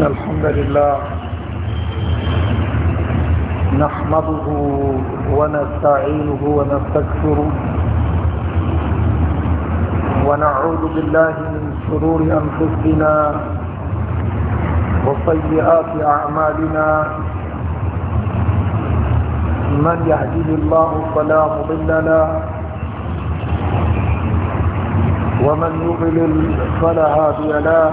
إن الحمد لله نحمده ونستعينه ونستكثره ونعوذ بالله من شرور أنفسنا وسيئات أعمالنا من يهدي الله فلا مضل له ومن يضلل فلا هادي له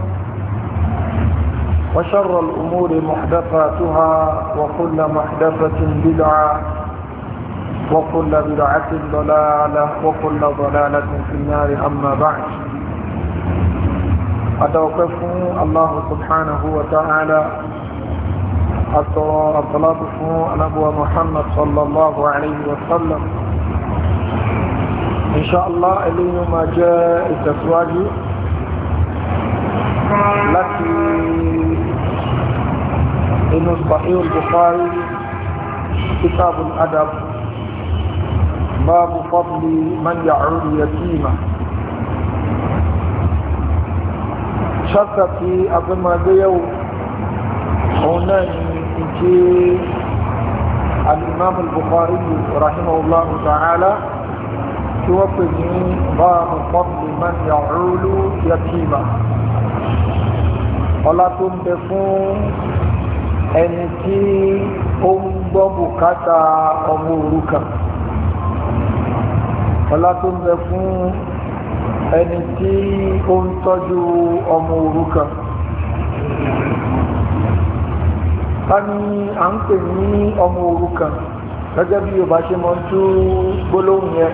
وشر الأمور محدثاتها وكل محدثة بدعة وكل بدعة ضلالة وكل ضلالة في النار أما بعد أتوقف الله سبحانه وتعالى الصلاة على محمد صلى الله عليه وسلم إن شاء الله إلي ما جاء التسواجي التي inú sahih bukhari kitab adab babu fadli man ya'ud yatima ṣáṣà tí a fi máa gbé yẹ̀wò òun náà ni ìjẹ́ الإمام البخاري رحمه الله تعالى توقفني باب فضل من يعول يتيما ولا تنبفون ẹni tí ó ń gbọ́ bùkátà ọmọ òrukàn ọlá tó ń bẹ fún ẹni tí ó ń tọ́jú ọmọ òrukàn tani à ń pè ní ọmọ òrukàn gẹ́gẹ́ bí Yorùbá ṣe mọ̀ tú gbólóhùn yẹn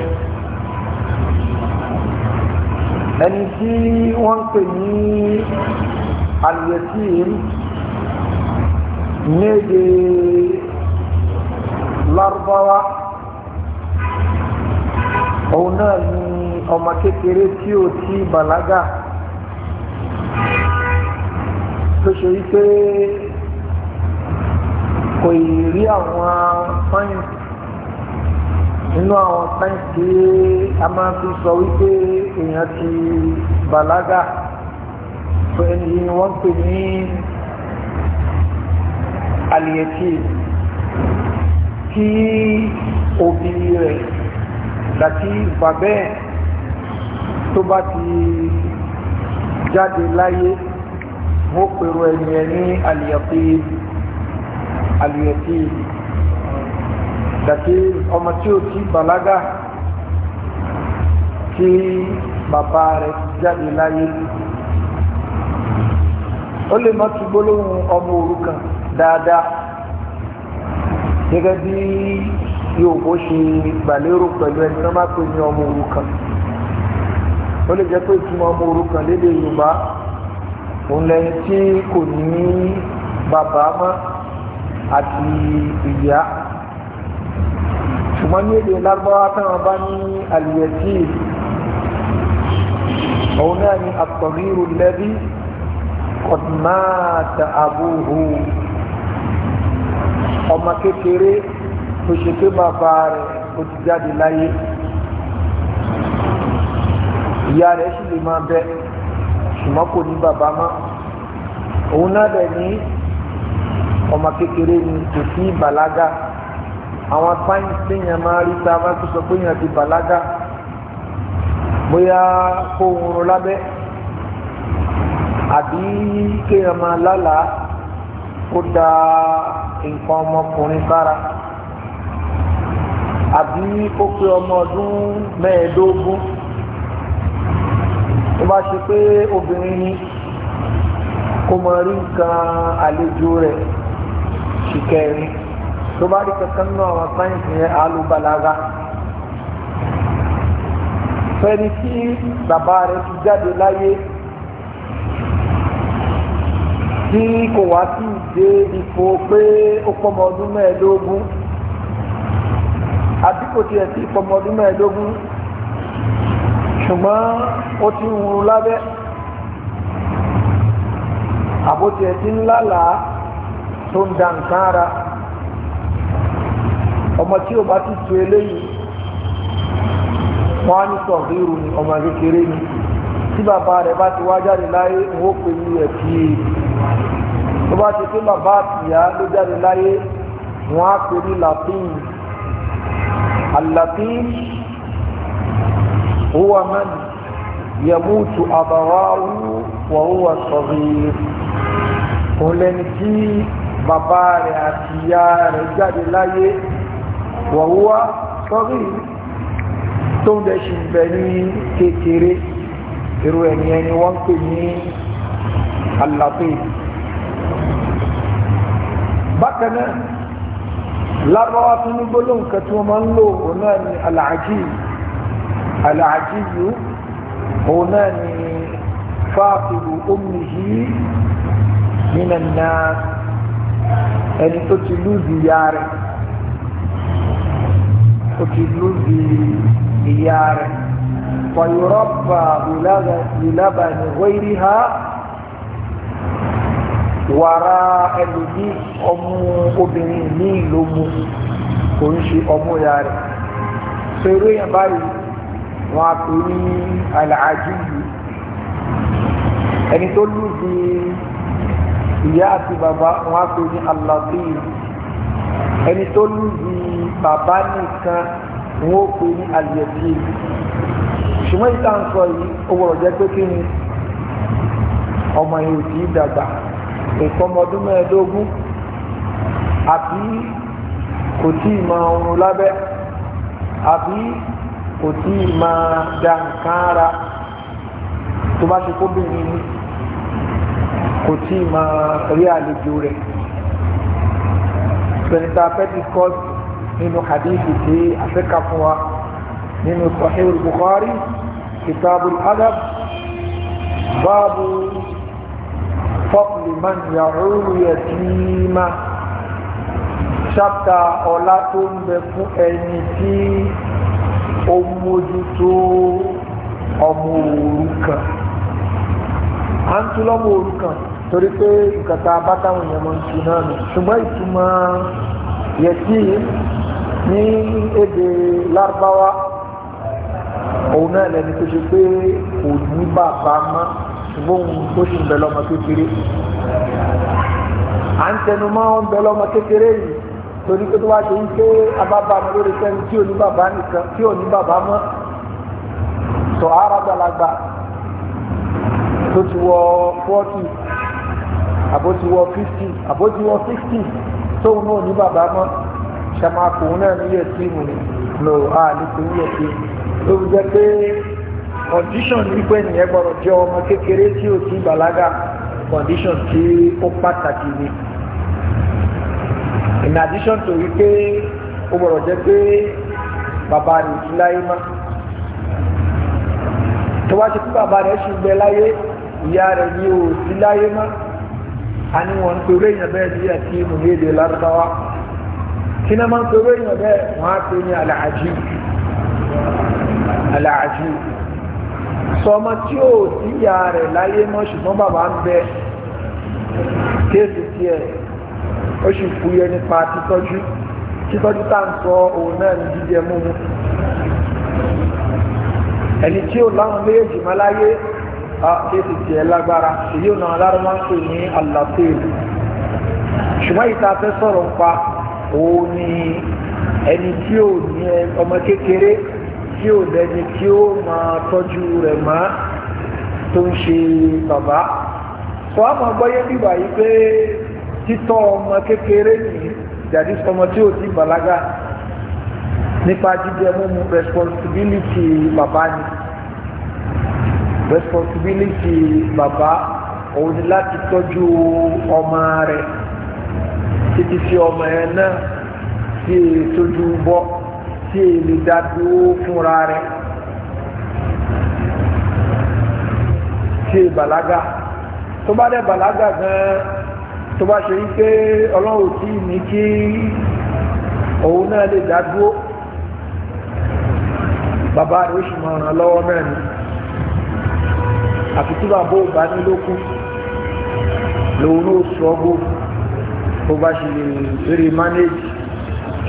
ẹni tí wọ́n ń pè ní àlùyẹ̀tì yìí ní larbawa, lárúbáwá òun náà ni ọmọ kékeré tí ò tí bàlágà tó ṣe wípé kò ì rí àwọn sáyẹ̀nsì nínú àwọn sáyẹ̀nsì a máa fi sọ wípé èèyàn ti bàlágà tó ẹni wọ́n pè ní àlìyẹ̀tì tí òbí rẹ̀ láti bàbẹ́ tó bá ti jáde láyé mo pèrò ẹni ẹ ní àlìyẹ̀tì àlìyẹ̀tì láti ọmọ tí ó ti bàlágà tí bàbá rẹ̀ ti jáde láyé ó lè ti gbólóhùn ọmọ òrukàn dáadáa gẹ́gẹ́ bí yòòbó ṣe gbàlérò pẹ̀lú ẹni tó máa pè ní ọmọ òrukàn ó lè jẹ́ pé ìtumọ̀ ọmọ òrukàn lédè yorùbá òun lẹ́yìn tí kò ní bàbá mọ́ àti ìyá ṣùgbọ́n ní èdè lágbára táwọn bá ní àlùyẹ̀tì òun náà ni àtọ̀rí ìrùlẹ́bí qad mata ọmọ kékeré tó ṣe pé bàbá rẹ̀ ó ti jáde láyé ìyá rẹ̀ sì lè máa bẹ ṣùgbọ́n kò ní bàbá mọ́ òun náà dẹ̀ ní ọmọ kékeré ni kò sí ìbàlágà àwọn sáyẹn téèyàn máa rí tá a bá sọ pé èèyàn ti bàlágà bóyá kó oorun lábẹ́ àbí kéèyàn máa lálàá kó dáa nǹkan ọmọkùnrin sára àbí ó pé ọmọ ọdún mẹ́ẹ̀ẹ́dógún tó bá ṣe pé obìnrin ni kó mọ rí nǹkan àlejò rẹ̀ ṣìkẹrin tó bá rí kankan náà àwọn sáyẹ̀nsì yẹn alúbalága fẹ́ni tí bàbá rẹ̀ ti jáde láyé tí kò wá sí dé ipò pé ó pọmọ ọdún mẹ́ẹ̀ẹ́dógún àbí kò tiẹ̀ sí pọmọ ọdún mẹ́ẹ̀ẹ́dógún ṣùgbọ́n ó ti ń rún lábẹ́ àbótí ẹ̀ ti ń lálàá tó ń da nǹkan ara ọmọ tí ó bá ti tu eléyìí wọ́n á ní sọ̀rọ̀ ní ọmọ kékeré ni tí bàbá rẹ̀ bá ti wá jáde láyé òun ó pè ní ẹ̀ kí bá ṣe pé bàbá àtìyá ló jáde láyé wọ́n á pè ní latin alatin huwa man yamutu abawahu wa huwa saghir òun lẹni tí bàbá rẹ̀ àtìyá rẹ̀ jáde láyé wa huwa saghir tó ń dẹ̀ ṣì ní kékeré irú ẹni ẹni wọ́n pè ní alatin. bákan náà lábáwá tó ní gbólóhùn kan tí wọ́n máa ń lò òun náà ni alàájì alàájì yìí òun náà ni fáàfìlú omi yìí nínú náà ẹni tó ti lùzì ìyá rẹ̀ tó ti lùzì ìyá rẹ̀ fọyọrọ bá ìlàbà ní wẹ́rì ha. wàrà ẹlòmí ọmú obìnrin ní ìlú mu kò ń ṣe ọmú ya rẹ̀ so eré yẹn báyìí wọn á pè ní àlàájú yìí ẹni tó lùdí ìyá àti bàbá wọn á pè ní alábí ẹni tó lùdí bàbá nìkan wọn ó pè ní àlùyẹ̀tì ṣùgbọ́n ìta sọ yìí ó wọ̀rọ̀ jẹ́ pé kí ni ọmọ yìí ò tí ì dàgbà nǹkan ọmọdún mẹ́ẹ̀ẹ́dógún àbí kò tí ì máa oorun lábẹ́ àbí kò tí ì máa da nǹkan ara tó bá ṣe kóbìnrin ni kò tí ì máa rí àlejò rẹ̀ pẹ̀lẹ́ta pentikọ́t nínú hadithi tí afẹ́ka fún wa nínú Sahih bukhari kitabul adab báàbù fọ́pùlì man yàrúrù yẹtìmá ṣáptà ọlá tó ń bẹ fún ẹni tí ó mójútó ọmọ òrukàn à ń tún lọ́mọ òrukàn torí pé ìkàtà abátáwọn èèyàn mọ̀ ń tún náà nù ṣùgbọ́n ìtumọ̀ yẹtì ní èdè lárúbáwá òun náà lẹni tó ṣe pé kò ní bàbá mọ́ ṣùgbọ́n tó sì ń bẹ lọ́mọ kékeré à ń tẹnu mọ́ ń bẹ lọ́mọ kékeré yìí torí pé ni wá ṣe ń pé abábàmọ́ lórí sẹ́ni tí ò ní bàbá nìkan tí ò ní bàbá mọ́ sọ ara gbalagbà tó ti wọ fọ́tì àbó ti wọ fífì àbó ti wọ fífì tóun náà ní bàbá mọ́ ṣàmàkùn náà mu ní lò á ní kò ní yẹtí mu ló fi jẹ́ condition wípé nìyẹn gbọ́dọ̀ jẹ́ ọmọ kékeré tí o ti bàlágà condition tí ó pàtàkì ni in addition to wípé o gbọ́dọ̀ jẹ́ pé bàbá rẹ̀ ti láyé mọ́ tó bá ti kú bàbá rẹ̀ sì gbẹ láyé ìyá ni ò sí láyé mọ́ a ní wọn pèrè èèyàn bẹ́ẹ̀ ní àti ìmùlẹ́dẹ̀ lárúbáwá kí náà máa ń pèrè èèyàn bẹ́ẹ̀ wọ́n á pè ní sọmọ tí ò sí ìyá rẹ̀ láyé mọ́ ṣùgbọ́n bàbá ń bẹ kéèsì tiẹ̀ ó sì fúyẹ nípa títọ́jú títọ́jú tá ń sọ òun náà ní jíjẹ múmu ẹni tí ó láwọn méjèèjì máa láyé kéèsì tiẹ̀ lágbára èyí ò náà lára máa ń pè ní àlàféèlú ṣùgbọ́n ìta fẹ́ sọ̀rọ̀ ń pa òun ni ẹni tí ò ní ọmọ kékeré tí ò dẹni tí ó máa tọ́jú rẹ̀ mọ́ tó ń ṣe bàbá sọ á máa gbọ́yé bíbà yìí pé títọ́ ọmọ kékeré nìyí jàdí sọmọ tí ò ti bàlágà nípa jíjẹ mímu responsibility bàbá ni responsibility bàbá òun ni láti tọ́jú ọmọ rẹ̀ títí sí ọmọ ẹ̀ náà sí ètòjú bọ́ tí èlé dá dúró fúnra rẹ̀ tí è bàlágà tó bá dẹ̀ bàlágà gan tó bá ṣe wípé ọlọ́run tí ní kí òun náà lè dá dúró bàbá rẹ̀ ó sì mọ̀ ràn lọ́wọ́ mẹ́rin àfi tí bàbá ò bá ní lókun lòun ló sọ bó bó bá ṣe lè rí manage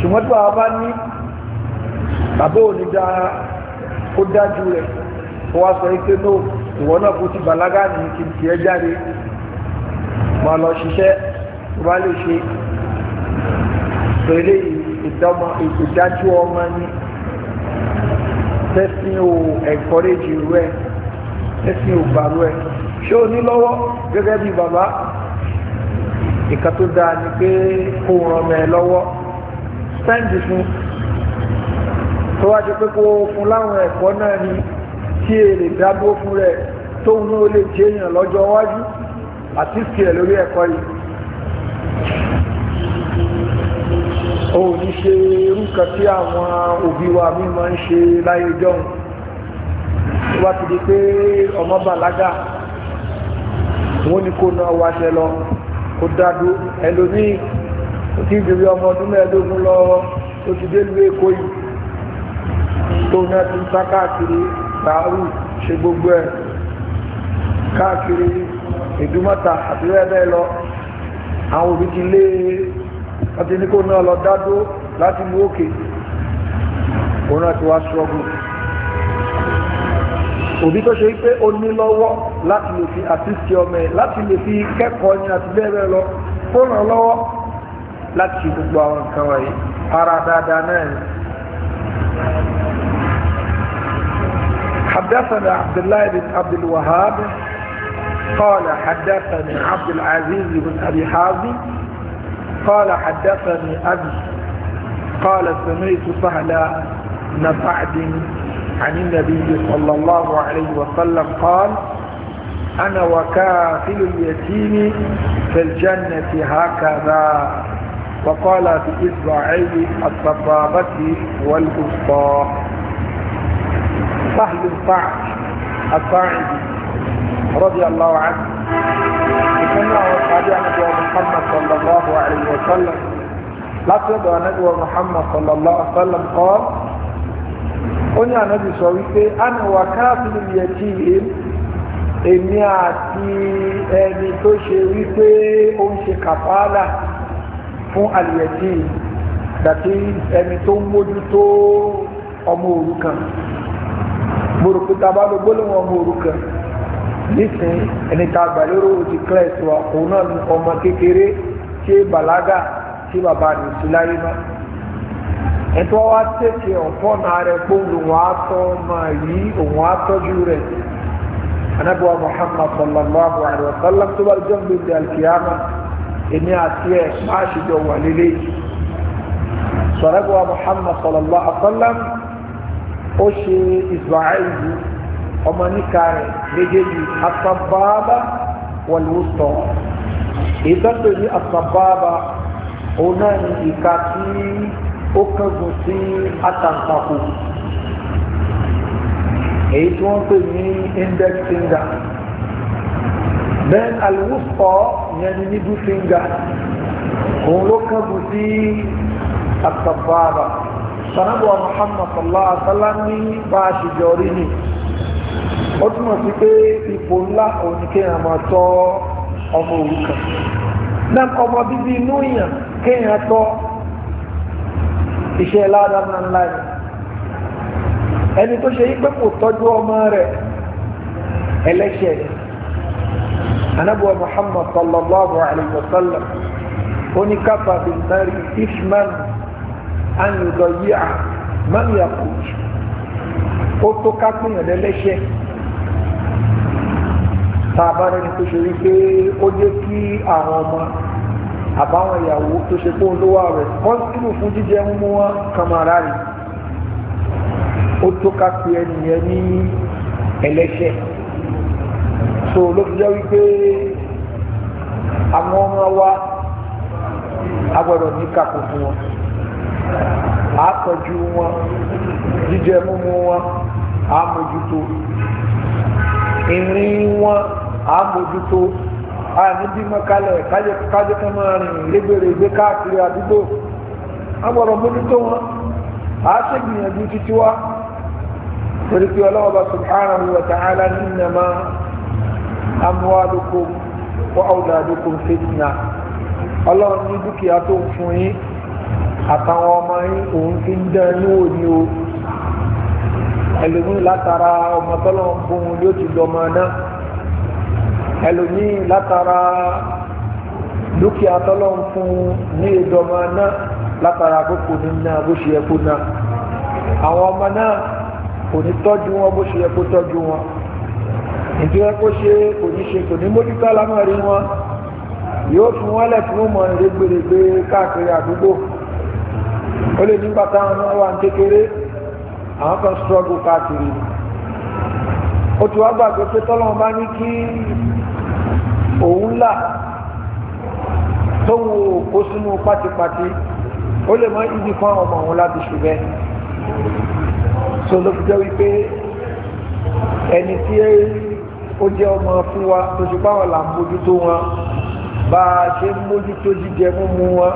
ṣùgbọ́n tí bàbá ní bàbá ò ní dá ó dájú rẹ̀ ó wá sọ pé no ìwọ náà kò ti bàlágà ní kí n tiẹ̀ jáde máa lọ ṣiṣẹ́ tó bá lè ṣe pẹ̀lẹ́ ìdájú ọmọ ní tẹ́sí ò ẹ̀kọ́rẹ́jì rẹ̀ tẹ́sí ò bàrú ẹ̀ ṣé o ní lọ́wọ́ gẹ́gẹ́ bí bàbá ìka tó dáa ni pé kó ràn mẹ́ lọ́wọ́ sẹ́ǹdì fún tó wá jẹ́ pé kó fún láwọn ẹ̀kọ́ náà ni tí è lè dábó fún rẹ̀ tóun náà lè jẹ́ èèyàn lọ́jọ́ iwájú àti ìsìlẹ̀ lórí ẹ̀kọ́ yìí ó ní ṣe irúkà tí àwọn òbí wa mi máa ń ṣe láyé jọun tó bá ti di pé ọmọ bàlágà wọ́n ní kó náà wáṣẹ lọ kó dádó ẹlòmíì ó ti ọmọ ọdún mẹ́ẹ̀ẹ́dógún lọ ó ti délùú èkó yìí tó náà ti ń sá káàkiri gbàárù ṣe gbogbo ẹ̀ káàkiri ìdúmọ̀ta àti rẹ́bẹ́ lọ àwọn òbí ti lé ní kó náà lọ láti mú òkè òun náà ti wá òbí tó ṣe ní lọ́wọ́ láti lè fi ọmọ ẹ̀ láti lè fi kẹ́kọ̀ọ́ ní àti bẹ́ẹ̀ lọ fóònù lọ́wọ́ láti ara dáadáa náà حدثنا عبد الله بن عبد الوهاب قال حدثني عبد العزيز بن أبي حازم قال حدثني أبي قال سمعت سهلا بن سعد عن النبي صلى الله عليه وسلم قال أنا وكافل اليتيم في الجنة هكذا وقال في إسرائيل الصبابة والبسطاء سهل السعد الساعدي رضي الله عنه الله وصحابي نبي محمد صلى الله عليه وسلم لا تدع نبي محمد صلى الله عليه وسلم قال قل يا نبي سويتي أنا وكافل اليتيم èmi àti ẹni tó ṣe wípé ó ń ṣe kàfàálà fún àlìyẹ̀tì dàtí ẹni tó ń mójútó ọmọ òrukàn burúkú tábà ló gbólóhùn ọmọ òrukàn nísìn ẹni tá a gbà lérò ti kílẹ̀sì wa òun náà ní ọmọ kékeré tí bàlágà tí bàbá rẹ̀ sí láyé náà ẹ̀tọ́ wa tètè ọ̀pọ̀ náà rẹ̀ pé òun á tọ́ máa yí òun á tọ́jú rẹ̀ anabiwa muhammad sallallahu alaihi wa sallam tó bá jẹ́ ń gbèsè alkiyama èmi àti ẹ̀ máa ṣe jọ wà lélẹ́yìí sọ̀rọ̀ ẹ̀bùwà muhammad sallallahu alaihi wa sallam ó ṣe ìzọ̀áìlú ọmọ níka rẹ̀ méjèèjì asababa wọlúùtọ̀ ìtọ́pẹ̀ ní asababa òun náà ní ìka tí ó kángun sí àtàǹpàkò èyí tí wọ́n pè ní index finger then alwusto yẹn ní middle finger òun ló kángun sí asababa sanabuwa muhammad sallallahu alaihi wasallam ní bá a ṣe jọ rí ni ó túmọ̀ sí pé ipò ńlá òní kéèyàn máa tọ́ ọmọ òrukàn náà ọmọ bíbí inú èèyàn kéèyàn tọ́ iṣẹ́ ládàá máa ńlá ni ẹni tó ṣe yí pé kò tọ́jú ọmọ rẹ̀ ẹlẹ́ṣẹ̀ ni anabuwa muhammad sallallahu alaihi wasallam ó ní káfà bìnnárì isman àyùdọ̀ yìí à mọ́nìyà kù ó tó ká pèèyàn lẹ́lẹ́ṣẹ̀ tá a bá rẹni tó ṣe wípé ó jẹ́ kí àwọn ọmọ àbáwọn ìyàwó tó ṣe pé olówó rẹ̀ pọ́sibú fún jíjẹ mú wọn kàmàrà rẹ̀ ó tó ká pe ẹnìyẹn ní ẹlẹ́ṣẹ̀ so ló fi jẹ́ wípé àwọn ọmọ wa a ní kàkó fún wọn. àtọ́jú wọn jíjẹ mímu wọn àmójútó ìrìn wọn àmójútó àníbímọ kalẹ̀ kájẹ́ kan máa rìn légbèrègbè káàkiri àdúgbò mójútó wọn a ṣe gbìyànjú títí wá torí pé ọlọ́wọ́ bá subhanahu wa ta'ala innama amwalukum wa awladukum fitna ọlọ́run ní dúkìá tó ń fún yín àtàwọn ọmọ òun fi ń dán ní òní o ẹlòmíì látara ọmọ tọ́lọ̀ ń fún un yóò ti dọmọ náà ẹlòmíì látara dúkìá tọ́lọ̀ ń fún un ní ìdọmọ náà látara àkókò nínú bó ṣe yẹ kó náà àwọn ọmọ náà kò ní tọ́jú wọn bó ṣe yẹ kó tọ́jú wọn ìtura kó ṣe kò ní ṣe kò ní mójútó alámọ̀rí wọn yóò fún wọn lẹ̀ fún ìrégbèrègbè káàkiri àdúgbò ó lè nígbà táwọn náà wà ní kékeré àwọn kan struggle káàkiri ó ti wá gbàgbé pé tọ́lọ́wọ́n bá ní kí òun là tóun ò kó sínú pátípátí ó lè mọ ibi fún àwọn ọmọ òun láti ṣùgbẹ́ so ló fi jẹ́ wípé ẹni tí ó jẹ́ ọmọ fún wa tó ṣùgbọ́n àwọn là ń mójútó wọn bá a ṣe ń mójútó jíjẹ múmu wọn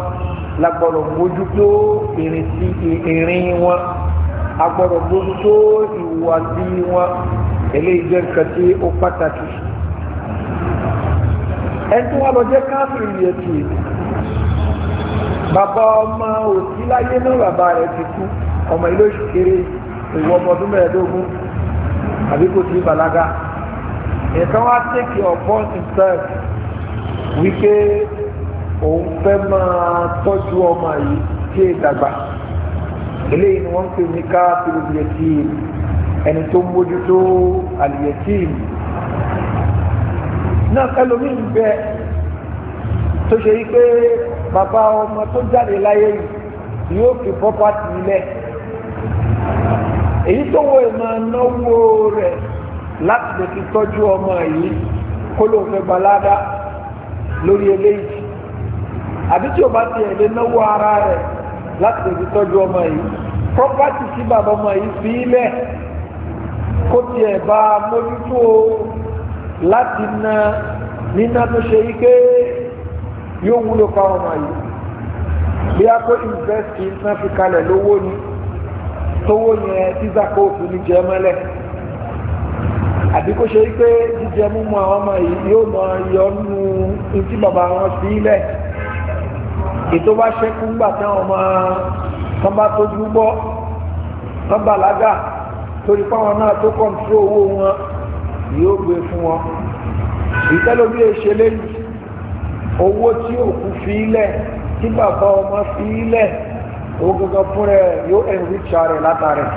lagbọ́dọ̀ mójútó ìrìnsí ìrìn wọn agbọ́dọ̀ mójútó ìhùwàsí wọn eléyìí jẹ́ nǹkan tí ó pàtàkì ẹni tí wọ́n lọ jẹ́ káfíìn yẹn ti bàbá ọmọ òsì láyé náà bàbá rẹ̀ ti kú ọmọ ilé oṣù kéré ìwọ ọmọ ọdún mẹ́ẹ̀ẹ́dógún àbí kò sí bàlágà nǹkan wá tẹ̀kì ọ̀pọ̀ nǹkan wípé òun fẹ́ máa tọ́jú ọmọ yìí tí è dàgbà eléyìí ni wọ́n ń pè ní káàkiri yẹtìm ẹni tó ń mójútó àlìyẹtìm náà ẹlòmíín bẹ tó ṣe yí pé bàbá ọmọ tó jáde láyé yìí yóò fi pọ́pátì nílẹ̀ èyí tó wọ ìmọ̀ náwó rẹ̀ láti lè fi tọ́jú ọmọ yìí kó ló fẹ́ balada lórí eléyìí àbí tí o bá ti ẹ̀lẹ́ náwó ara rẹ̀ láti lè fi tọ́jú ọmọ yìí property sí bàbá ọmọ yìí fi ilẹ̀ kó tiẹ̀ bá a mójútó láti na níná tó ṣe yí pé yóò wúlò fáwọn ọmọ yìí bí a kó invest náà fi kalẹ̀ lówó ni tówó yẹn tíza kó òfin ní jẹ mọ́lẹ̀ àbí kó ṣe yí pé jíjẹ múmu àwọn ọmọ yìí yóò máa yọ ní tí bàbá wọn fi ilẹ̀ ètò bá ṣẹ́kù ńgbà táwọn ọmọ kan bá tójú bọ́ kan bàlágà torí fáwọn náà tó kọ́ńtró owó wọn yóò gbé fún wọn ìtẹ́lómi èṣe lẹ́yìn owó tí òkú fi ilẹ̀ tí bàbá ọmọ fi ilẹ̀ owó gangan fún rẹ̀ yóò ẹ̀rùcha rẹ̀ látàrẹ̀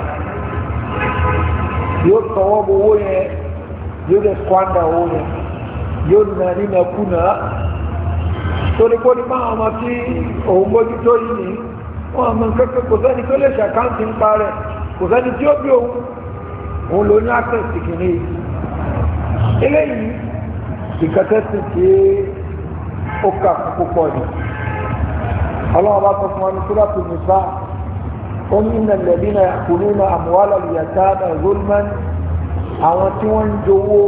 yóò tọwọ́ bọ owó yẹn yóò lè kwanda owó yẹn yóò nà nínà kùnà torí kó ní bá àwọn ọmọ tí òun bójútó yìí ní wọn àmọ́ kẹ́kẹ́ kò sẹ́ni tó lè ṣàkáǹtì ń pa rẹ̀ kò sẹ́ni tí ó bí òun òun ló ní access kìíní eléyìí ìkẹ́kẹ́sì tí ó kà púpọ̀ ni ọlọ́run bá sọ fún wa ní sóràtù nìfà ó ní ìnà lẹ́bínà kùnúnà àmúwálà ìyàtà àgbà zulman àwọn tí wọ́n ń jowó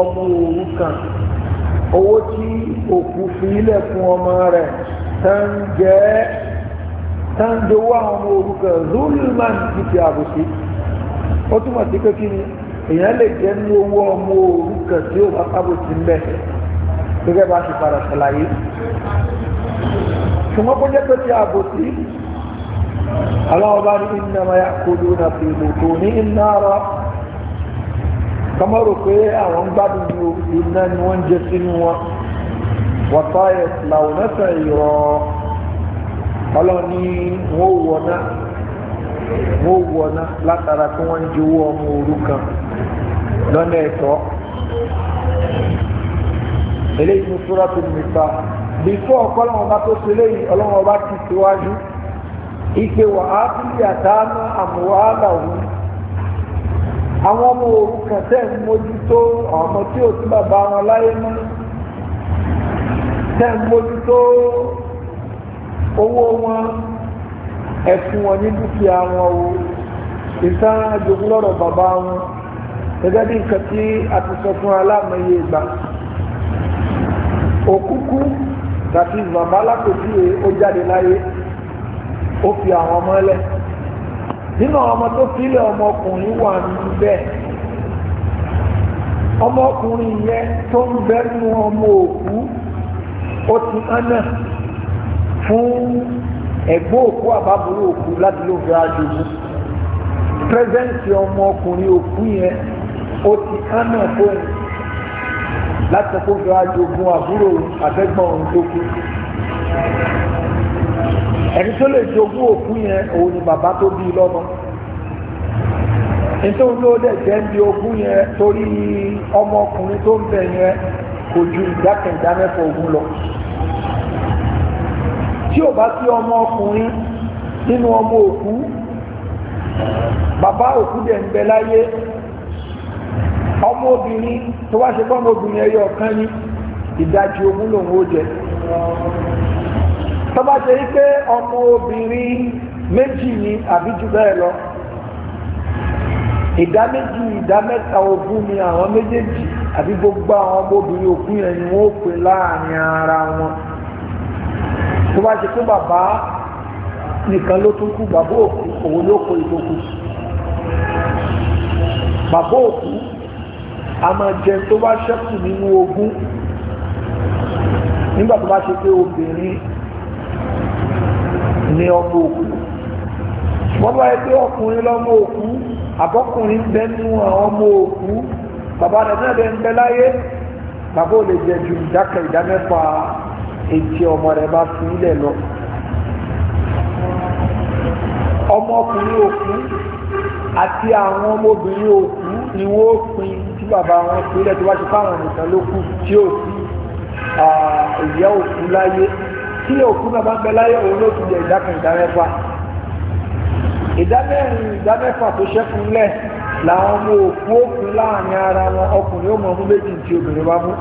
ọmọ òru kan owó tí òkú fi ilẹ̀ fún ọmọ rẹ̀ tán jẹ́ tán ọmọ orúkọ zulman ti fi àbòsí ó túmọ̀ sí pé kí ni èèyàn lè jẹ́ ní owó ọmọ orúkọ tí ó bá sábòsí ń bẹ̀ gẹ́gẹ́ bá ṣe padà ṣàlàyé ṣùgbọ́n kó jẹ́ pé ti àbòsí aláwọ̀ bá ní ìnáwó yà lónà fi lòtò ní ìnáwó kọ́mọ́ rò pé àwọn gbádùn ní iná ni wọ́n jẹ sínú wọn wọ́tá làwọn ẹsẹ̀ ìrọ̀ ọlọ́ni wọ́n wọ̀ná wọ́n wọ̀ná látara tí wọ́n ń jowó ọmọ òrukàn lọ́nà ẹ̀tọ́ eléyìí ní súrọ́tù nìta bífọ́ ọ̀kọ́lọ́wọ́n bá tó ṣe léyìn ọlọ́wọ́n bá ti síwájú ìpè wàhálà àmúwàhálà òun àwọn ọmọ òrukàn tẹ́ ń mójútó ọmọ tí ò sí bàbá wọn láyé mọ́ tẹ́ ń mójútó owó wọn ẹ̀sùn wọn ní dúkìá wọn o ìtàn bàbá wọn gẹ́gẹ́ bí nǹkan tí a ti sọ fún aláàmọye ìgbà nínú ọmọ tó filẹ̀ ọmọkùnrin wà níbẹ̀ ọmọkùnrin yẹn tó ń bẹ́nu ọmọ òkú ó ti hánà fún ẹ̀gbọ́n òkú àbábúrò òkú láti ló fẹ́ àjòkú pírẹ́sẹ̀ǹtì ọmọkùnrin òkú yẹn ó ti hánà fóun láti kó fẹ́ àjòkú àbúrò àtẹ́gbọ́n òun ẹni tó lè jogún òkú yẹn òun ni bàbá tó bí lọ́mọ nítorí ló dẹ̀ jẹ́ ń di ogún yẹn torí ọmọkùnrin tó ń bẹ̀ yẹn kò ju ìdá kẹ̀ǹdá mẹ́fọ̀ ogún lọ tí ò bá sí ọmọ ọkùnrin nínú ọmọ òkú bàbá òkú dẹ̀ ń bẹ láyé ọmọ obìnrin tó wá ṣe pọ́n obìnrin ẹyọ kan ní ìdajì ogún lòun ó jẹ tọ́ba ṣe rí pé ọmọ obìnrin méjì ni àbí jù bẹ́ẹ̀ lọ ìdá méjì ìdá mẹ́ta ogún ni àwọn méjèèjì àbí gbogbo àwọn ọmọ obìnrin òkú yẹn ni wọ́n pè láàrin ara wọn tó bá ṣe pé bàbá nìkan ló tún kú bàbá òkú òun ló kó ìdókù bàbá òkú a tó bá ṣẹ́kù nínú ogún nígbà tó bá ṣe pé obìnrin ní ọmọ òkú wọ́n bá yẹ pé ọkùnrin lọ́mọ òkú àbọ́kùnrin bẹ́ nú àwọn ọmọ òkú bàbá rẹ̀ náà bẹ́ ń bẹ láyé bàbá ò lè jẹ ju ìdáka ìdá mẹ́fà etí ọmọ rẹ̀ bá fi ilẹ̀ lọ ọmọkùnrin òkú àti àwọn ọmọbìnrin òkú ni wọ́n pín tí bàbá wọn fi ilẹ̀ tó bá ti fáwọn nìkan ló kù tí ò sí ìyá òkú láyé tí òkú náà bá ń bẹ láyé òun ló ti jẹ ìdá kan ìdá mẹ́fà ìdá mẹ́rin ìdá mẹ́fà tó ṣẹ́kù ńlẹ̀ làwọn ọmọ òkú òkú láàrin ara wọn ọkùnrin ó mọ ọmú méjì tí obìnrin bá mú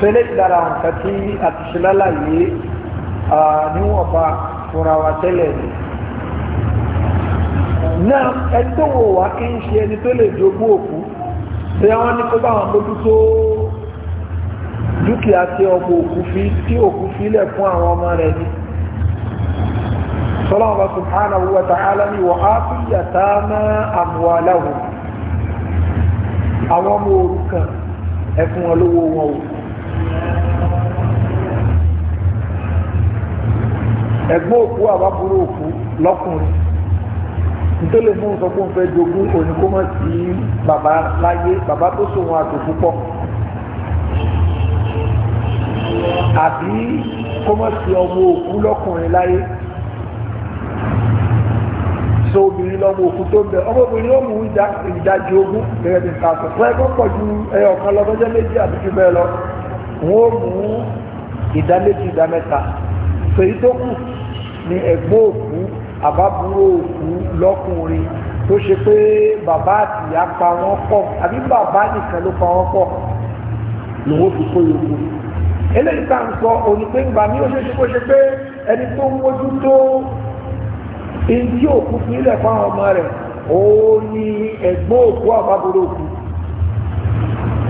fẹ́lẹ́ ti dára nǹkan tí àtúnṣe lálàyé níwọ̀nba fúnra wa tẹ́lẹ̀ ni náà ẹni tó wò wá kí ń ṣe ẹni tó lè jogún òkú bí wọ́n ní kó bá wọn bójú tó dúkìá tí ọmọ òkú fi tí òkú fi lẹ̀ fún àwọn ọmọ rẹ̀ ni sọ́lọ́wọ́n bá subhanahu wa ta'ala ni wọ́n á fi yàtá mọ́ amwalahum àwọn ọmọ òrukàn ẹ̀fún wọn lówó wọn o ẹ̀gbọ́n òkú àbábúrò òkú lọ́kùnrin nítorí fún sọ jogún òní kó sí bàbá láyé bàbá tó sòwọn àtòkú pọ̀ àbí kó mọ̀ sí ọmọ òkú lọ́kùnrin láyé so obìnrin lọ́mọ òkú tó bẹ̀ ọmọbìnrin ó mú ìdajì ogún gẹ́gẹ́ bí nǹkan àtọ̀ fún ẹgbẹ́ pọ̀ ju ẹyọ kan lọ lọ́jọ́ méjì àti jù bẹ́ẹ̀ lọ wọ́n ó mú ìdá méjì ìdá mẹ́ta so èyí tó kù ni ẹ̀gbọ́n òkú àbábúrò òkú lọ́kùnrin tó ṣe pé bàbá àtìyá pa wọ́n pọ̀ àbí bàbá nìkan ló pa wọ́n pọ̀ lòun ó fi kó yòókù eléyìí tá à ń sọ òní pé ńgbà mí ó ṣe ṣe kó ṣe pé ẹni tó ń mójú tó ìdí òkú fi ilẹ̀ fún àwọn ọmọ rẹ̀ òun ni ẹ̀gbọ́n òkú àbábọ̀rọ̀ òkú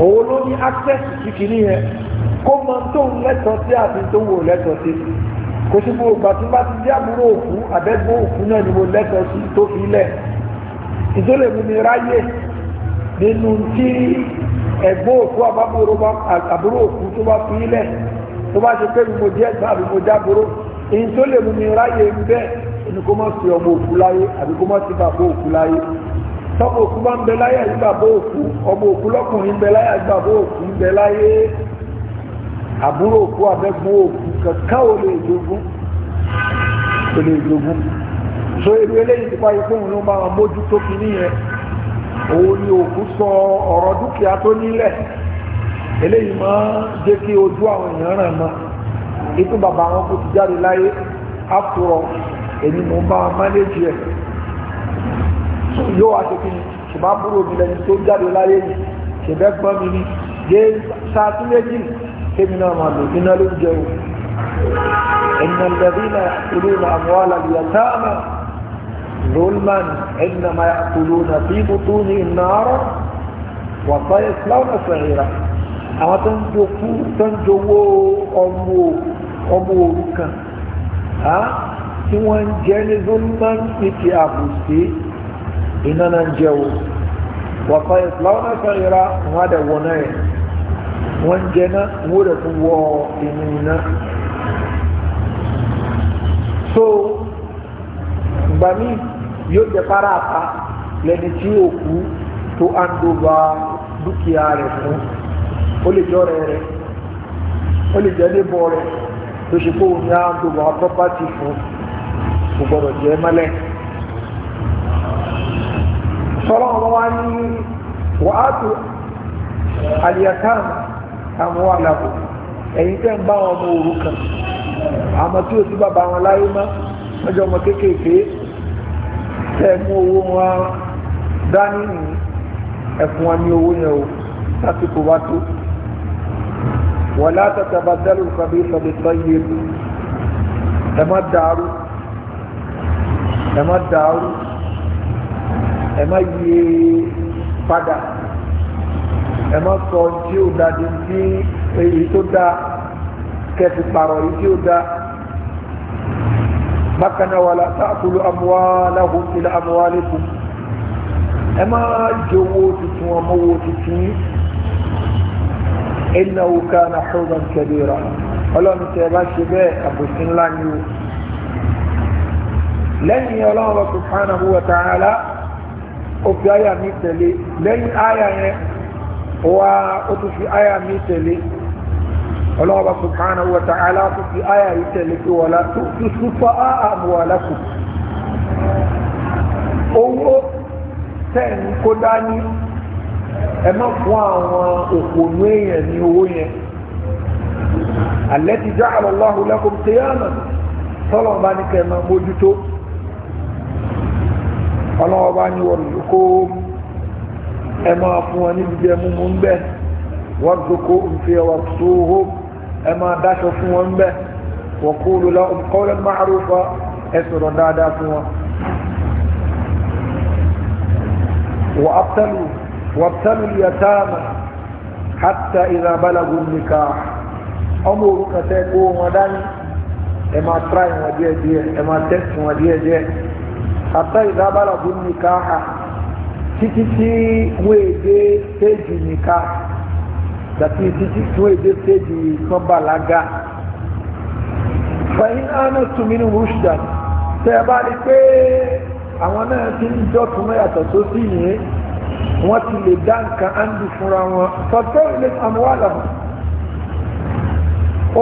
òun ló ní access sí kìíní yẹn kó mọ tó ń lẹ́tọ̀ọ́ sí àti tó ń wò lẹ́tọ̀ọ́ sí kò sí gbogbo ìgbà tí bá ti dé àbúrò òkú àbẹ́gbọ́n òkú náà ni mo lẹ́tọ̀ọ́ sí tó fi ilẹ̀ ìtòlè mi ni ráyè nínú tí ẹ̀gbọ́n òkú àbámọ̀rọ̀ àbúrò òkú tó bá fi ilẹ̀ tó bá ṣe pé mo jẹ́ ẹ̀gbọ́n àbí mo jáboro èyí tó lè mú mi ráyè ń bẹ́ ẹni kó má sí ọmọ òkú láyé àbí kó má sí bàbá òkú láyé tọ́mọ òkú bá ń bẹ láyé àbí bàbá òkú ọmọ òkú lọ́kùnrin ń bẹ láyé àbí bàbá òkú ń bẹ láyé àbúrò òkú àbẹ́gbọ́n òkú kankan ò lè jogún ò lè jogún so èrò eléyìí ti pa ikú òun ló máa mójútó kinní yẹn òun ni òkú sọ ọ̀rọ̀ dúkìá tó nílẹ̀ eléyìí máa jẹ́ kí ojú àwọn èèyàn ràn mọ́ ikú bàbá wọn kò ti jáde láyé àfúrọ̀ èmi mò ń bá wọn mánéjì ẹ̀ yóò wá ṣe kí ni ṣùgbọ́n àbúrò mi lẹ́ni tó jáde láyé yìí ṣèbẹ́ gbọ́n mi ni yé sáà tún méjì kémi náà máa lò iná ló ń jẹun ẹ̀yìn lẹ́bí náà ìlú ìlú àwọn alàlùyà táàmù ظلما إنما يأكلون في بطونهم نارا وسيصلون سعيرا àwọn tó ń jokú tó ń jowó ọmọ òrukàn tí wọ́n ń jẹ́ ní zulman ní ti àbùsí iná náà ń jẹ́ o wàfà ìsìláwọ́n náà sọ̀rọ̀ wọn dẹ̀ wọ náà yẹn wọ́n ń jẹ́ náà wọ́n dẹ̀ tún wọ inú iná. so gbàmíì yóò jẹ fáráàta lẹni tí yóò kú tó àndóba dúkìá rẹ̀ fún ó lè jọ rẹ̀ rẹ̀ ó lè jẹ́ níbọ̀ rẹ̀ tó ṣe kó ní àndóba property fún kò gbọ́dọ̀ jẹ́ mẹ́lẹ̀ sọ́lọ́ wọn wá ní wàhátù àlìyàkáàmù àwọn àlàbò ẹ̀yin tẹ́ ń bá wọn mú orúkọ àmọ́ tí ó ti bàbá wọn láyé mọ́ ọjọ́ ọmọ kéékèèké tẹ́ mú owó wọn dání ní ẹ̀fún wọn ní owó yẹn o lásìkò bá tó wala tatabaddalu al-khabitha bit-tayyib ẹ má dàrú ẹ má dàrú ẹ má yí padà ẹ má sọ tí ó da di ti èyí tó da kẹfì pààrọ̀ èyí tí ó da bákanáà wala ta'kulu amwalahum ila amwalikum ẹ máa jẹ owó tuntun ọmọ owó tuntun innahu kana hudan kabira ọlọ́run tẹ bá ṣe bẹ́ẹ̀ àbòsí ńlá ni o lẹ́yìn ọlọ́run wa subhanahu wa ta'ala ó fi àyà mi tẹ̀lé lẹ́yìn àyà yẹn wá ó tún fi àyà mi tẹ̀lé ọlọ́ọ̀bá subhanahu wa ta'ala tó fi àyà yìí tẹ̀lé pé wọ́n tó súnfà àmúwà lákùn owó tẹ́ẹ̀n kó dání ẹ má fún àwọn òpònú èèyàn ní owó yẹn allati ja'ala Allahu lakum qiyaman tọ́lọ̀ bá ní kẹ́ẹ̀mọ́ mójútó ọlọ́ọ̀bá ní wọ́n kó ẹ máa fún wọn níbi jẹ́ múmú ń bẹ́ẹ̀ wọ́n dókó ń fi tó hóòmù ẹ máa dáṣọ fún wọn bẹ́ẹ̀ wọ́n kó lula qawlan ma'rufa ẹ sọ̀rọ̀ dáadáa fún wọn. wọ́n abtalu wọ́n abtalu yatama hatta idha balagu nikah ọmọ orúkọ tẹ́ kó wọn dání ẹ máa tíráì wọn díẹ̀ ẹ máa tẹ́sì wọn díẹ̀ díẹ̀ hatta idha títí tí wọ́n èdè téèjì nikah. tàbí títí tún èdè stéèjì kan bàlágà fẹ̀yìn ánà tùmínú tẹ́ bá rí pé àwọn náà ti ń dọ́tún náà yàtọ̀ tó yìí wọ́n ti lè dá nǹkan áńdù fúnra wọn fọ́tọ́ ilé àmúwàlà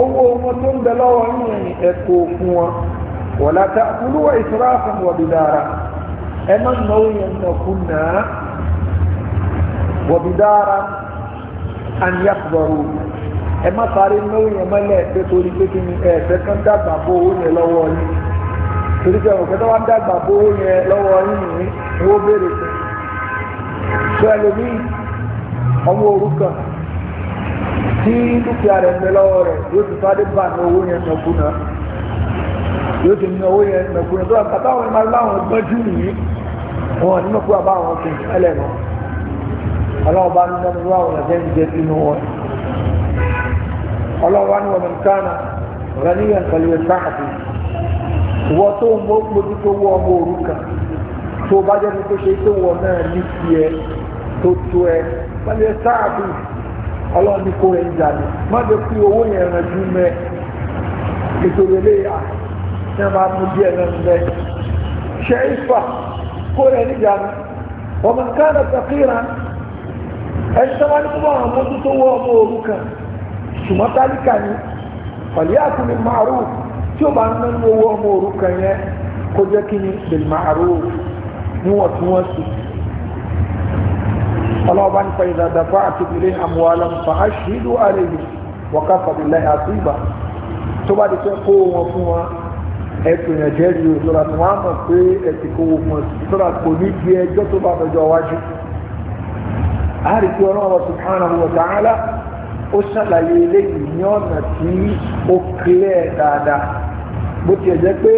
owó wọn tó ń bẹ lọ́wọ́ yìnyín ẹ̀kọ́ fún wọn wọ̀lá ta olúwa anyakubọ̀rù ẹ má sáré náwó yẹn mọ́lẹ̀ pé torí pé kí ni ẹ̀ẹ́fẹ́ kan dàgbà bó owó yẹn lọ́wọ́ yín torí pé ọ̀pẹ́ tó wá ń dàgbà bó owó yẹn lọ́wọ́ yín nìyí ni wọ́n béèrè fún tó ẹlòmíì ọmọ òrukàn tí dúkìá rẹ̀ ń bẹ lọ́wọ́ rẹ̀ yóò ti sáré bá ní owó yẹn nàkúnà yóò ti ní owó yẹn nàkúnà tó àtàwọn ìmọ̀ láwọn gbọ́n jù nìyí wọn ní mọ̀ àbá àwọn kìí ẹlẹ́nu ọlọ́wọ́ bá ní lẹ́nu wá wọn ẹ̀jẹ̀ ń jẹ́ sínú wọn ọlọ́wọ́ bá ní wọn mẹ́kánà rẹ níyàn pẹ̀lú ẹ̀ka àti wọ́n tó ń bó gbójú tó wọ́ ọmọ òrukàn tó bá jẹ́ ní tó ṣe tó wọ náà ní tiẹ̀ tó tó ẹ pẹ̀lú ẹ̀ka àti kó rẹ̀ ń jáde má lè fi owó yẹn rẹ̀ jù mẹ́ nítorí eléyìí à ní wọn mú díẹ̀ náà ń bẹ́ ṣe é kó rẹ̀ níjà ni wọ́n mẹ́kánà ẹni tó bá ní kúmọ̀ àwọn mọ́tò tó wọ ọmọ òru kan ṣùgbọ́n tálíkà ni pàlẹ́ àkùnrin màrú tí ó bá ń nánú owó ọmọ òru kan yẹn kó jẹ́ kí ni bèlì màrú níwọ̀ntúnwọ̀nsì ọlọ́ọ̀bá ní fa ìdàdà bá àti ìbílẹ̀ àmúwálà ń fa aṣíìlú àrèlè wọ́ká fàbílẹ̀ àti tó bá di pé kó wọn fún wa ẹ̀sùn ẹ̀jẹ̀ rí o sọ́ra tí wọ́n á mọ̀ pé ẹ̀sìn kó wọn fún ọ sọ́ra kò ní di ẹjọ́ tó bá fẹjọ́ wájú àárí pé ọlọ́run subhanahu wa ta'ala ó ṣàlàyé eléyìí ní ọ̀nà tí ó kílẹ̀ dáadáa bó tiẹ̀ jẹ́ pé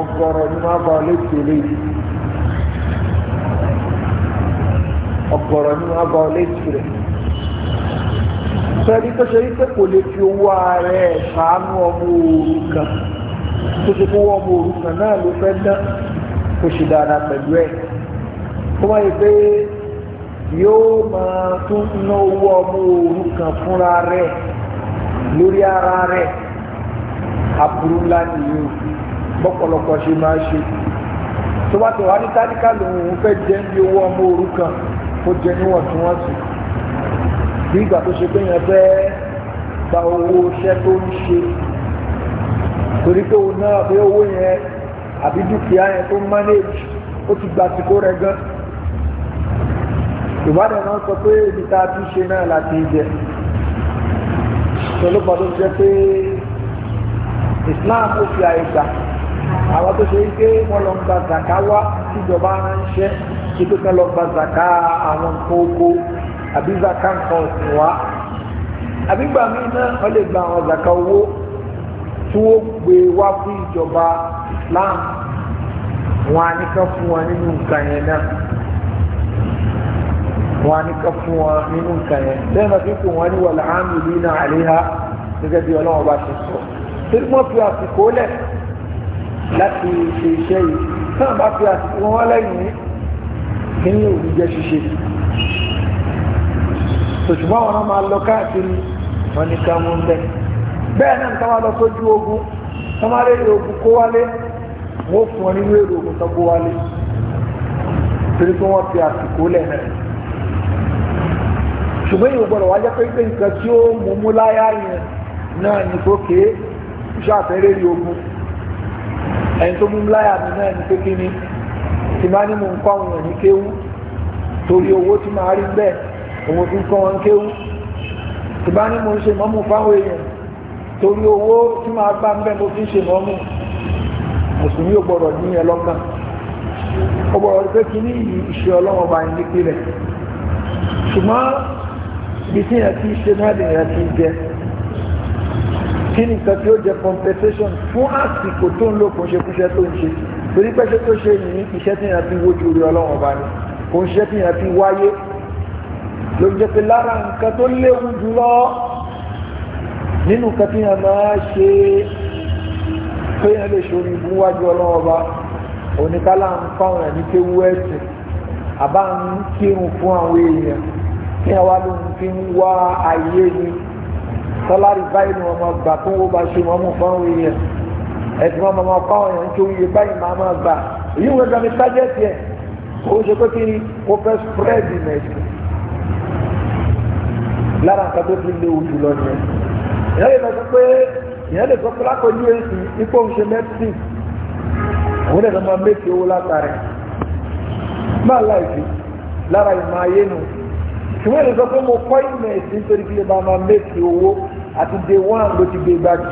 ọ̀gọ̀rọ̀ ni wọ́n bá létí eléyìí ọ̀gọ̀rọ̀ ni wọ́n bá létí rẹ̀ sẹ́ni tó ṣe rí pé kò lè fi owó ààrẹ ṣàánú ọmọ òrukàn tó ṣe fún ọmọ òrukàn náà ló fẹ́ dán kó ṣe dáadáa pẹ̀lú ẹ̀ tó wáyé pé yóò máa tún ná owó ọmọ òru kan fúnra rẹ̀ lórí ara rẹ̀ aburú ńlá nìyí bọ́pọ̀lọpọ̀ ṣe máa ṣe tó bá tẹ̀wá ní tálíkà lòun fẹ́ jẹ́ ní owó ọmọ òru kan ó jẹ níwọ̀ntúnwọ̀nsì bí ìgbà tó ṣe pé yẹn fẹ́ gba owó iṣẹ́ tó ń ṣe torí pé òun náà pé owó yẹn àbí dúkìá yẹn tó manage ó ti gbàsìkò rẹ̀ gan-an ìbádẹ̀ náà sọ pé ibi tá a tún ṣe náà láti jẹ pẹ̀lú pàtó jẹ́ pé Islam ó fi àyè gbà àwọn tó ṣe é pé wọ́n lọ ń gba zaka wá tíjọba ránṣẹ́ kí tó fẹ́ lọ gba zaka àwọn nǹkan oko àbí zaka nǹkan ọ̀sìn wá àbí gbà míì náà wọ́n lè gba àwọn zaka owó tí wọ́n gbé wá fún ìjọba Islam wọn á ní ká fún wọn nínú nǹkan yẹn náà wọn á ní ká fún wọn nínú nǹkan yẹn lẹ́yìn náà fífi wọn ní wọ́n láàmì ìlú náà àléhà gẹ́gẹ́ bí ọlọ́wọ́n bá ṣe sọ torí wọ́n fi àsìkò lẹ̀ láti ṣe iṣẹ́ yìí náà bá fi àsìkò wọn lẹ́yìn kí ní òun jẹ́ ṣíṣe ṣùgbọ́n àwọn máa lọ káàkiri wọn ní ká mú bẹ́ẹ̀ bẹ́ẹ̀ náà nǹkan máa lọ sójú ogun wọ́n máa rí ogun kó wálé wọ́n fún ọ nínú èrò ogun tó kó wálé torí pé wọ́n fi àsìkò lẹ̀ náà ṣùgbọ́n yóò gbọ́dọ̀ wájẹ́ pé pé nǹkan tí ó mú mú láyá yẹn náà ní kó ké ṣàfẹ́rẹ́ rí ogun ẹni tó mú láyà mi náà ní pé ni tí máa ní mò ń kọ́ àwọn èèyàn ní kéwú torí owó tí máa rí bẹ́ẹ̀ òun fi ń kọ́ wọn kéwú tí bá ní mò ń ṣe mọ́mù fáwọn èèyàn torí owó tí máa gbá bẹ́ẹ̀ mo fi ń ṣe mọ́mù mùsùlùmí ò gbọ́dọ̀ ní ẹ lọ́gbà ó pé kí ní ìṣe ọlọ́wọ́ bá yín ní pílẹ̀ ṣùgbọ́n bí tí èèyàn ti ṣe náà lè yàn ti jẹ kí ni nǹkan tí ó jẹ compensation fún àsìkò tó ń lò kò ṣe kúṣẹ́ tó ń ṣe torí pẹ́ṣẹ́ tó ṣe yìí iṣẹ́ tí èèyàn fi wojú rí ọlọ́run ọba ni kò ń ṣiṣẹ́ tí èèyàn fi wáyé ló ń jẹ́ pé lára nǹkan tó léwu jùlọ nínú nǹkan tí èèyàn máa ṣe pé èèyàn lè ṣorí ibú wájú ọlọ́run ọba oníkálà ń fáwọn ẹ̀ ní kéwú ẹ̀sìn àbá ń kírun fún àwọn èèyàn ní àwa ló ń fi ń wá ayé ni sọláàrí báyìí ni wọn máa gbà tó wọ́n bá ṣe wọn mú fáwọn èèyàn ẹ̀sìn wọn máa fáwọn èèyàn tó yẹ báyìí máa máa gbà èyí wọn gbà mí tájẹ́tì ẹ̀ ó ṣe pé kí ni ó fẹ́ spread mẹ́sìn lára nǹkan tó fi léwu jùlọ nìyẹn ìyá lè lọ sọ pé ìyá lè sọ pé lápẹjú èsì ipò ń ṣe mẹ́sìn òun lè lọ máa méjì owó látàrí máa láìsí lára ìmọ̀ ayé nù ṣùgbọ́n ìlú sọ pé mo kọ́ ìmọ̀ ẹ̀sìn nítorí kí lè bá máa méèkì owó àti day one ló ti gbé gbájú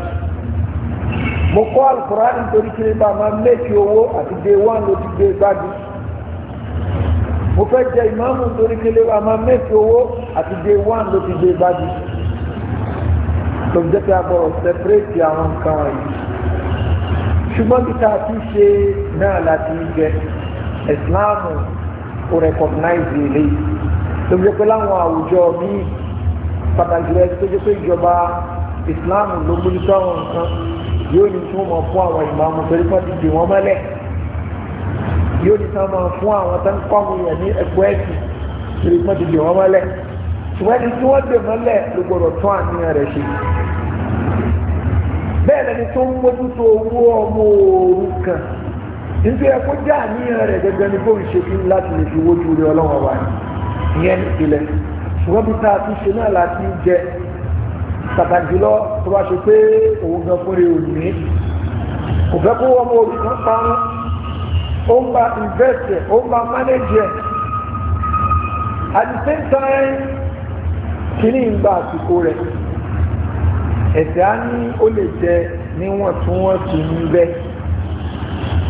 mo kọ́ alukoran nítorí kí lè bá máa méèkì owó àti day one ló ti gbé gbájú mo fẹ́ jẹ ìmáàmù nítorí kí lè bá máa méèkì owó àti day one ló ti gbé gbájú lọ́jọ́ tí a bọ̀ sẹ́pẹ́rẹ́tì àwọn nǹkan wọ̀nyí ṣùgbọ́n bí tá a ti ṣe náà láti jẹ ìsìláàmù kò rẹ̀kọ̀gnáìzì eléyìí tó jẹ́ pé láwọn àwùjọ míì pàtàkì rẹ̀ tó jẹ́ pé ìjọba ìsìláàmù ló múlítọ́ àwọn nǹkan yóò ní tí wọ́n mọ̀ fún àwọn ìmáàmù torí wọ́n ti dè wọ́n mọ́lẹ̀ yóò ní tí wọ́n mọ̀ fún àwọn tó ń kọ́ àwọn èèyàn ní ẹ̀kọ́ ẹ̀sìn torí wọ́n ti dè wọ́n mọ́lẹ̀ ṣùgbọ́n ẹni tí wọ́n dè mọ́lẹ̀ ló gbọ́dọ̀ tún àníyàn rẹ̀ ṣe bẹ́ẹ̀ lẹni tó ń mójútó owó ọmọ òrukàn nítorí ẹ̀kọ́ jẹ́ àníyàn rẹ̀ gẹ́gẹ́ ni bóun ṣe fi láti lè fi wójú rẹ̀ ọlọ́wọ́ wáyé ìyẹn ìpìlẹ̀ ṣùgbọ́n bí tá a ti ṣe náà láti jẹ pàtàkì jùlọ tó bá ṣe pé òun gan fúnre ò ní kò fẹ́ kó ọmọ orí kan parun ó ń bá invest ó ń bá manage ẹ̀ at the same time kìíní ń gba àsìkò rẹ̀ ẹ̀sẹ̀ á ní ó lè jẹ níwọ̀ntúnwọ̀nsì ń bẹ́ẹ̀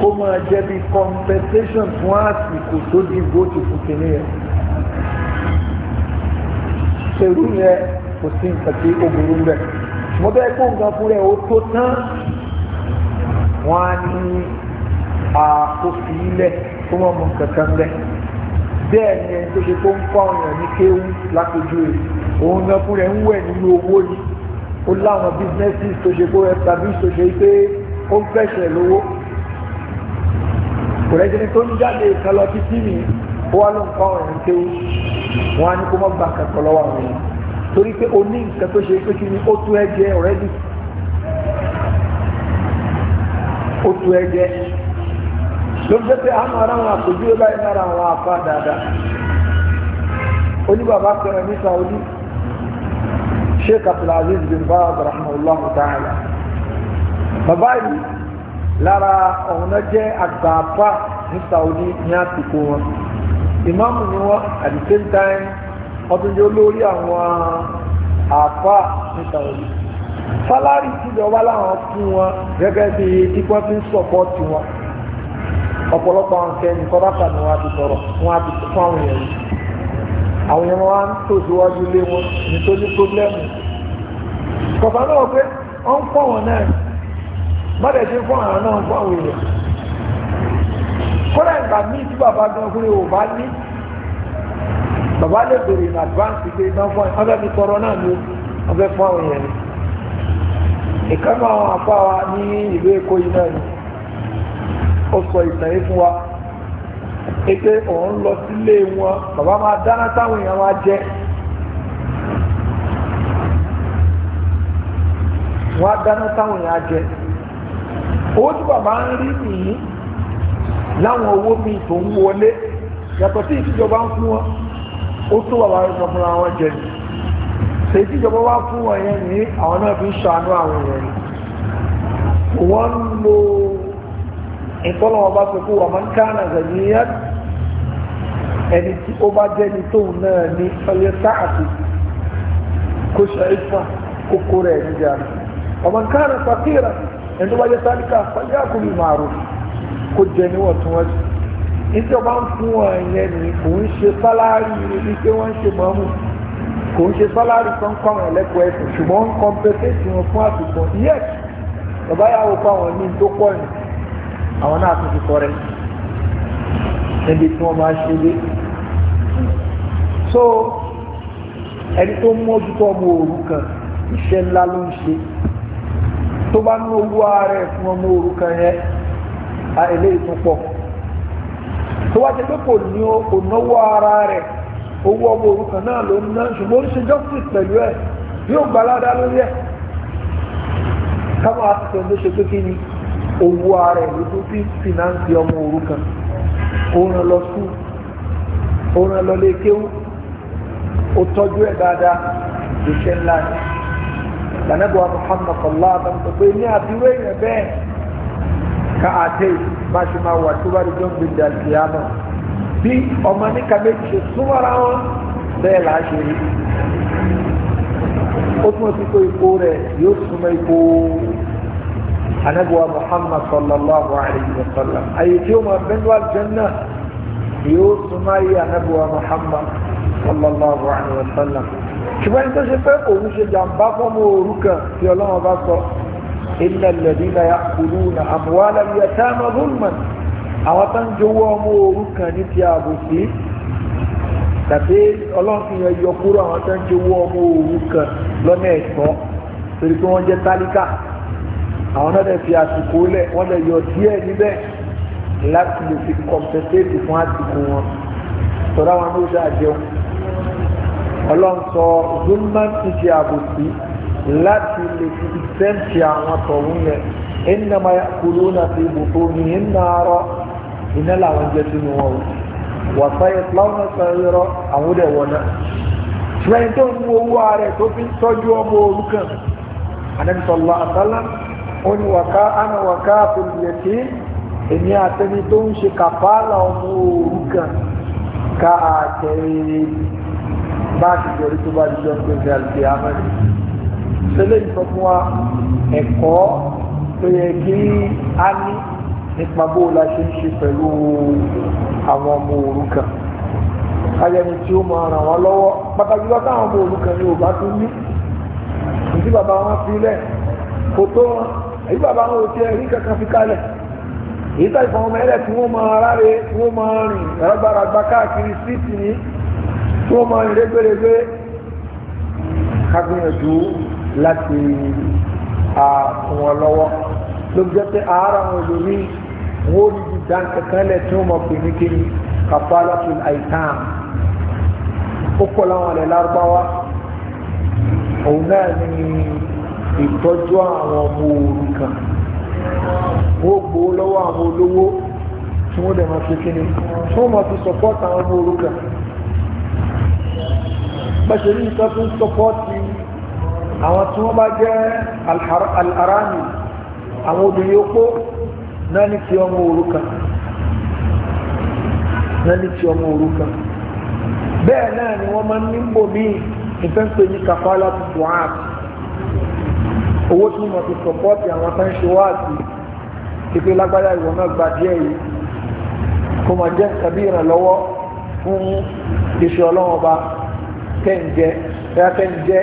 kó máa jẹ́ bí compensation fún àsìkò tó dìbò ti fún kìíní yẹn ṣerú yẹn kò sí nǹkan tí ó burú bẹ̀ mo bẹ́ẹ̀ kó nǹkan fún rẹ̀ ó tó tán wọ́n á ní àkókò ilẹ̀ tó wọ́n mú kankan bẹ́ bẹ́ẹ̀ ni ẹni tó ṣe tó ń fọ́ àwọn èèyàn ní kéwú lápẹjù rẹ̀ òun náà fún rẹ̀ ń wẹ̀ nínú owó yìí ó láwọn bísínẹ́sì tó ṣe kó ẹ̀tàbí tó ṣe pé ó ń fẹ̀ṣẹ̀ lówó kò rẹ́jẹ́ni tó ń jáde ìkàlọ́ títí nìyí wọ́n ló ń kọ́ ọ̀rọ̀ kéwú wọ́n á ní kó mọ́ gba kẹ̀kọ́ lọ́wọ́ o ní nǹkan tó ṣe pé kí ni ó tú ẹ jẹ ọ̀rẹ́dì ó tú ẹ jẹ ló ń jẹ́ pé àwọn wọn àpòjú báyìí ní bin Baz rahmanulahu ta'ala bàbá yìí lára ọ̀hún náà jẹ́ àgbà apá ní Saudi ní àsìkò wọn. ìmáàmù ni wọ́n at the same time wọ́n tún jẹ́ olórí àwọn àfa ní sàwọ́dí sálárì tìjọba làwọn fún wọn gẹ́gẹ́ bí ikọ́ fi ń sọ̀pọ́ọ̀tì wọn ọ̀pọ̀lọpọ̀ àwọn kẹ́ni kọ́dákà ni wọ́n á ti sọ̀rọ̀ wọ́n á ti fún àwọn èèyàn yìí àwọn èèyàn wa ń tò síwájú lé wọn nítorí pọ́blẹ́mù kọ̀ọ̀kan náà pé wọ́n ń fọ́ wọn náà mọ́tẹ̀ ṣe fún àwọn náà fún àwọn èèyàn. kọ́lá ìgbà míì tí bàbá gan fún ò bá ní bàbá lè bèrè advance pé iná fún ẹ ọbẹ̀ mi tọrọ náà ni fún àwọn ìkànnì àwọn afọ ní ìlú Èkó yìí náà ni ó sọ ìtàn yìí fún wa pé òun lọ sílé wọn bàbá máa dáná táwọn èèyàn máa jẹ á dáná láwọn owó mi tó ń wọlé yàtọ̀ sí ìtìjọba ń fún wọn ó tún wàwà rẹ̀ fúnra wọn jẹ ní ṣe ìtìjọba wá fún wọn yẹn ní àwọn náà fi ń ṣàánú àwọn èèyàn ni wọ́n ń lo ìtọ́lọ́wọ́ bá sọ pé wà máa ń ká àná zàníyá ẹni tí ó bá jẹ́ ní tóun náà ní ọyẹ sáàtì kó ṣe ìfà kókó rẹ̀ níjà ọmọ nǹkan rẹ̀ fàkìrà ẹni tó bá yẹ sáàtì ká fàyà kò ní màrúfù kó jẹ níwọ̀ntúnwọ̀nsì nítorí ọba ń fún wọn yẹn ni kò ń ṣe sálárì ní pé wọ́n ń ṣe mọ́mú kò ń ṣe sálárì kan kọ́ àwọn ẹlẹ́kọ̀ọ́ ẹ̀sìn ṣùgbọ́n ń kọ́mpẹ́tẹ́tì wọn fún àsìkò yẹ́t bàbá yàwó pa àwọn ní tó pọ̀ ní àwọn náà tuntun kọ́ rẹ̀ níbi tí wọ́n máa ṣe dé so ẹni tó ń mójútó ọmọ òrukàn iṣẹ́ ńlá ló ń ṣe tó bá ní owó ara ẹ̀ fún ọmọ òrukàn yẹn a eléyìí tún pọ̀ tó wá ti pé kò ní kò náwó ara rẹ̀ owó ọmọ òrukàn náà ló ń ná ṣùgbọ́n oríṣi justice pẹ̀lú ẹ̀ yóò gba aládá lórí ẹ̀ káwọn àtúntò ló ṣe pé kí ni owó ara ẹ̀ ló fi fìnáǹsì ọmọ òrukàn òun lọ sùn òun lọ lè kéwú ó tọ́jú ẹ̀ dáadáa ìṣe ńlá ni lànàbọ̀ Muhammad sallallahu alaihi wa pé ní àbúrò èèyàn bẹ́ẹ̀ ká àtẹ́yì bá ṣe máa wà tó bá rí john gbèdé àlùkìyàmọ bí ọmọ níka méjì ṣe súnmọ́ra wọn bẹ́ẹ̀ là á ṣe rí ó túmọ̀ sí pé ipò rẹ̀ yóò súnmọ́ ipò anabuwa muhammad sallallahu alayhi wa sallam àyè tí ó máa bẹ́ẹ̀ wá jẹ́nà yóò súnmọ́ ayé anabuwa muhammad sallallahu alayhi wa sallam ṣùgbọ́n ní tó ṣe pé òun ṣe jàǹbá fọ́mọ òrukàn tí ọlọ́run bá sọ. إلا الذين يأكلون أموال اليتامى ظلما أو تنجوا أمورك نتيابوسي tàbí ọlọ́run fi hàn yọ kúrò àwọn tó ń jowó ọmọ òrukàn lọ́nà ẹ̀tọ́ torí pé wọ́n jẹ́ tálíkà àwọn náà lè fi àsìkò lẹ̀ wọ́n lè yọ díẹ̀ níbẹ̀ láti lè fi kọ̀m̀pẹ́tẹ́ẹ̀tì fún àsìkò wọn tọ́lá wọn ló dáa jẹun ọlọ́run sọ zulman ti ṣe àbòsí láti lè fi ìsẹ́ǹtì àwọn tọ̀hún yẹn innama ya'kuluna fi butunihim nara iná làwọn jẹ́ sínú wọn o wàtá ìsìláwọn sọ̀rọ̀ àwọn ọdẹ wọn náà ṣùgbọ́n tó ń mú owó ààrẹ tó fi ń tọ́jú ọmọ òrukàn Ànábì sallallahu alaihi wasallam ó ní wàká ana wàká àtòlùyẹ̀tì èmi àtẹni tó ń ṣe kàfàlà ọmọ òrukàn káàkiri bá a ti jọrí tó bá a jọ pé ní àlùfẹ́ àmọ́ tẹ́lẹ̀ ìsọ fún wa ẹ̀kọ́ tó yẹ kí a ní nípa bó la ṣe ń ṣe pẹ̀lú àwọn ọmọ òrukàn ayẹni tí ó máa ràn wọ́n lọ́wọ́ pàtàkì lọ́tà àwọn ọmọ òrukàn ni ò bá tún ní ìdí bàbá wọn fi lẹ̀ kò tó wọn èyí bàbá wọn ò tiẹ̀ rí kankan fi kalẹ̀ èyí tá ìfọ̀n ọmọ ẹlẹ̀ tí wọ́n máa ráre tí wọ́n máa rìn rágbàràgbà káàkiri síìtì ní tí wọ́n máa rìn régbèrègbè ká láti fún wọn lọ́wọ́ ló jẹ́ pé àárọ̀ àwọn olórí wọn ò ní ju dáńkẹ́kẹ́lẹ̀ tí wọ́n mọ̀ pé ní kíni kàfàlà tó àìsàn ó pọ̀ láwọn ilẹ̀ lárúbáwá òun náà ní ìtọ́jú àwọn ọmọ òrukàn wọ́n gbowó lọ́wọ́ àwọn olówó tí wọ́n dẹ̀ máa fi kíni tí wọ́n máa fi sọ́pọ́tì àwọn ọmọ òrukàn bẹ́sẹ̀ ní ìtọ́ fi ń sọ́pọ́tì àwọn tí wọ́n bá jẹ́ alharami àwọn obìnrin opó náà ní ti ọmọ òrukàn náà ní ti ọmọ òrukàn bẹ́ẹ̀ náà ni wọ́n máa ń ní bòmí ìfẹ́ǹpé ní kàfálà tuntun ààbò owó tí wọ́n ti sọ̀pọ́ọ̀tì àwọn tó ń ṣe wáàsí ìpè lágbára ìwọ̀n náà gba díẹ̀ yìí kó máa jẹ́ tàbí ìrànlọ́wọ́ fún iṣẹ́ ọlọ́wọ́n ọba kẹ́ǹjẹ́ kẹ́ǹjẹ́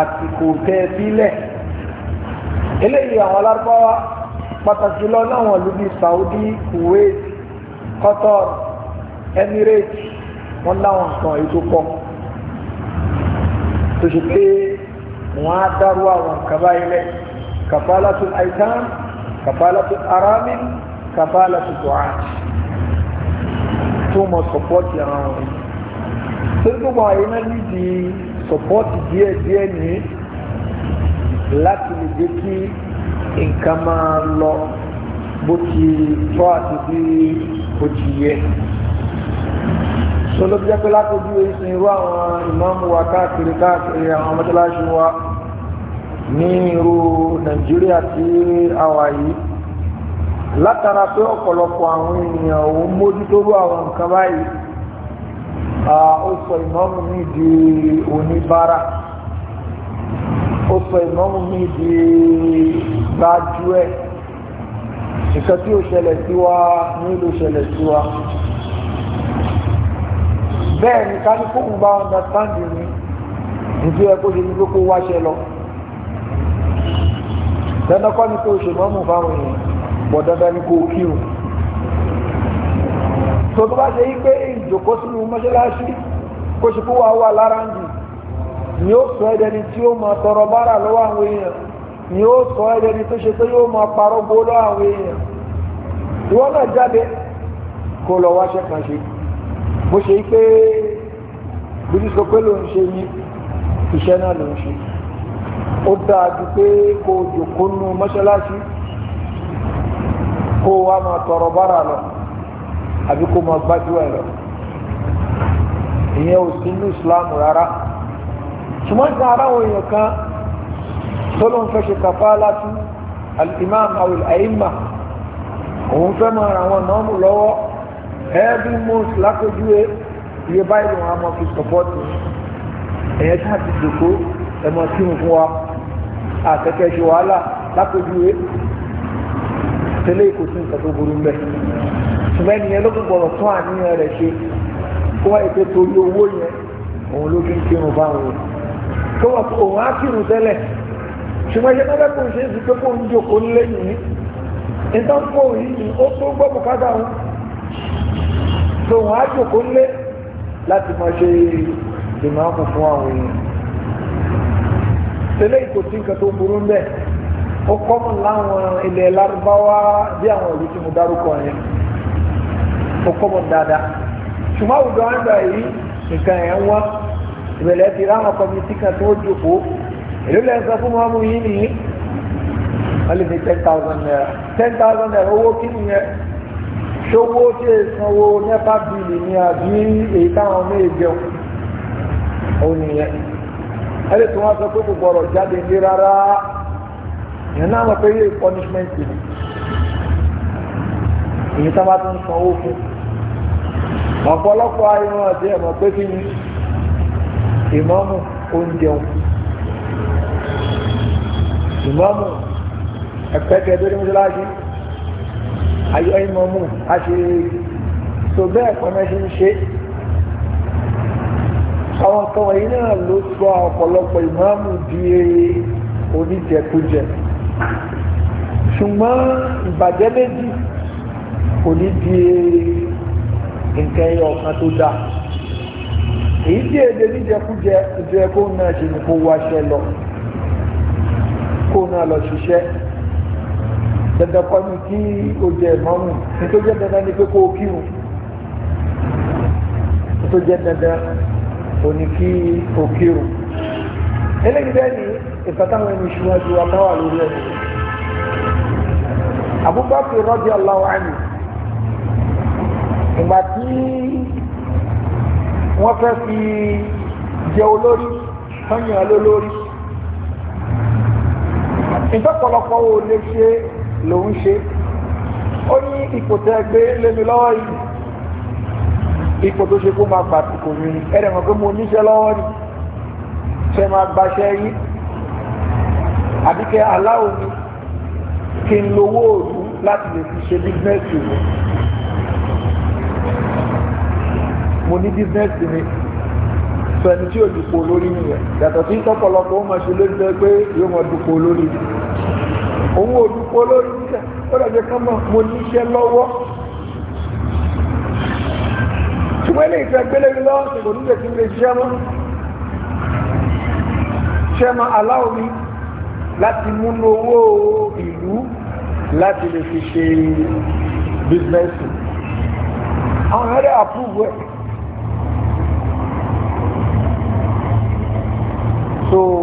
àsìkò tẹ́ sílẹ̀ eléyìí àwọn alárúbáwá pàtàkì jùlọ láwọn ìlú bíi Saudi Kuwait Qatar Emirates wọn láwọn nǹkan èyí tó pọ̀ tó ṣe pé wọn á dárú àwọn nǹkan báyìí lẹ kafalatul aitam kafalatul aramin kafalatul du'a tó mọ sọpọ́tì àwọn ọ̀rẹ́ tó gbogbo àyè náà nídìí sọpọ́tì díẹ̀díẹ̀ ní láti lè jẹ́ kí nǹkan máa lọ bó ti tọ́ àti bí ó ti yẹ so ló fi jẹ́ pé látọ̀jú èsì irú àwọn ìmáàmù wa káàkiri káàkiri àwọn mọ́tàláṣí wa ní irú nàìjíríà tí a wà yìí látara pé ọ̀pọ̀lọpọ̀ àwọn ènìyàn òun mójútórú àwọn nǹkan báyìí Ah, ó sọ ìmọ̀mù mi di oníbàárà ó sọ ìmọ̀mù mi di gbájúẹ̀ nǹkan tí ó ṣẹlẹ̀ sí wa nílò ṣẹlẹ̀ sí wa bẹ́ẹ̀ ni ká ní kó ń gba understanding ni nítorí ẹ kó ṣe ní kókó wáṣẹ lọ dandan ni kó o ṣe mọ́mù fáwọn èèyàn pọ̀ dandan ni kó o kírun tó tó bá ṣe yí pé jòkó sínú mọ́ṣáláṣí kó ṣe kó wà wà lára ń jù ni ó sọ ẹ́ dẹni tí ó máa tọrọ bára lọ́wọ́ àwọn èèyàn ni ó sọ ẹ́ dẹni tó ṣe pé yóò máa parọ́ gbó lọ́wọ́ àwọn èèyàn ìwọ náà jáde kó lọ wáṣẹ́ kan ṣe bó ṣe pé bíbí sọ pé ló ń ṣe yí iṣẹ́ náà ló ń ṣe ó dáa ju pé kó jòkó nú mọ́ṣáláṣí kó wa máa tọrọ bára lọ àbí kó máa gbájú ẹ lọ ìyẹn ò sí inú ìsìláàmù rárá ṣùgbọ́n tí ara àwọn èèyàn kan tó ló ń fẹ́ ṣe kàfálátù al-imam awil aima òun fẹ́ máa ra àwọn ìmọ̀ọ́mù lọ́wọ́ every month lápẹjúwe iye báyìí wọn a máa fi sọpọ́tì ẹ̀yẹ tí a ti dòkó ẹ máa kí fún wa àtẹ̀kẹ́ ṣe wàhálà lápẹjúwe tẹ́lẹ̀ kò sí nǹkan tó burú mbẹ́ ṣùgbọ́n ẹnìyẹn ló tún àníyàn rẹ̀ ṣe kó wáyé pé torí owó yẹn òun ló fi ń kírun fáwọn yẹn kó wọ́n fi òun á kírun tẹ́lẹ̀ ṣùgbọ́n iṣẹ́ náà kò ṣe é sí pé kó ń jòkó lẹ́yìn ní níta ń pọ̀ yìí ó tó gbọ́ bùkátà wọn tó wọ́n á jòkó lé láti máa ṣe ìmáàmù fún àwọn èèyàn tẹ́lẹ̀ kò sí nǹkan tó burú ń bẹ̀ ó kọ́mù láwọn ilẹ̀ lárúbáwá bí àwọn ìlú tí mo dárúkọ yẹn ó kọ́mù dáadáa ṣùgbọ́n àwùjọ àgbà yìí nǹkan ẹ̀ ń wá ìbẹ̀lẹ̀ ti ráwọn kọ́mítì kan tó jókòó èló lẹ́ sọ fún mọ́mú yìí nìyí wọ́n lè fi ten thousand naira ten thousand naira owó kí nìyẹn ṣówó tí èsanwó nẹ́pà bìlì ni àbí èyí táwọn ọmọ èjẹun òun nìyẹn ẹni tí wọ́n sọ pé kò gbọ́dọ̀ jáde ní rárá yẹn náà mọ̀ pé yé punishment ni èyí táwọn bá tún sanwó fún un ọ̀pọ̀lọpọ̀ ayọ̀ àti ẹ̀mọ̀ pé kí ni ìmọ̀mù oúnjẹun ìmọ̀mù ẹ̀pẹ́kẹ́ tó ní mọ́ṣáláṣí ayọ̀ ìmọ̀mù aṣèrè tó bẹ́ẹ̀ pẹ́mẹ́ ṣe ń ṣe àwọn kan wọ̀nyí náà ló sọ ọ̀pọ̀lọpọ̀ ìmọ̀mù di oníjẹkújẹ ṣùgbọ́n ìbàjẹ́ méjì kò ní di nǹkan ẹyọ ọ̀kan tó dáa èyí tí èdè níjẹkújẹ ìjọ ẹ kó náà ṣe ní kó wáṣẹ lọ kó náà lọ ṣiṣẹ́ dandan kọ́ ni kí o jẹ ìmọ̀mù ní tó jẹ́ dandan ni pé kó o kírun ní tó jẹ́ dandan o ní kí o kírun eléyìí bẹ́ẹ̀ ni ìfẹ́tàwọn ẹni ìṣúná ju amáwà lórí ẹ̀ Abubakar radiyallahu anhu ìgbà tí wọ́n fẹ́ fi jẹ olórí sọ́yìn olólórí ìtọ́pọ̀lọpọ̀ ò lè ṣe lòun ṣe ó ní ipò tẹ́ gbé lémi lọ́wọ́ yìí ipò tó ṣe kó máa pàtàkì mi ẹ̀rẹ̀ mọ̀ pé mo níṣẹ́ lọ́wọ́ ni ṣe máa gbaṣẹ́ yìí àbíkẹ́ aláwo mi kí n lówó òru láti lè fi ṣe bísínẹ́sì mo ní bísínẹ́sì mi sọ ẹni tí yóò dupò lórí nìyẹn yàtọ̀ sí tọ́pọ̀lọpọ̀ ó máa ṣe lórí sọ pé yóò máa dupò lórí òun ò dupò lórí nílẹ̀ ó dàbí ká mọ̀ mo ní iṣẹ́ lọ́wọ́ ṣùgbọ́n ilé ìfẹ́ gbélé mi lọ́wọ́ ṣe kò nílẹ̀ tí lè ṣiṣẹ́ mọ́ ṣe máa aláwọ̀ mi láti múnú owó ìlú láti lè fi ṣe bísínẹ́sì àwọn ẹ̀rẹ́ àpúrú So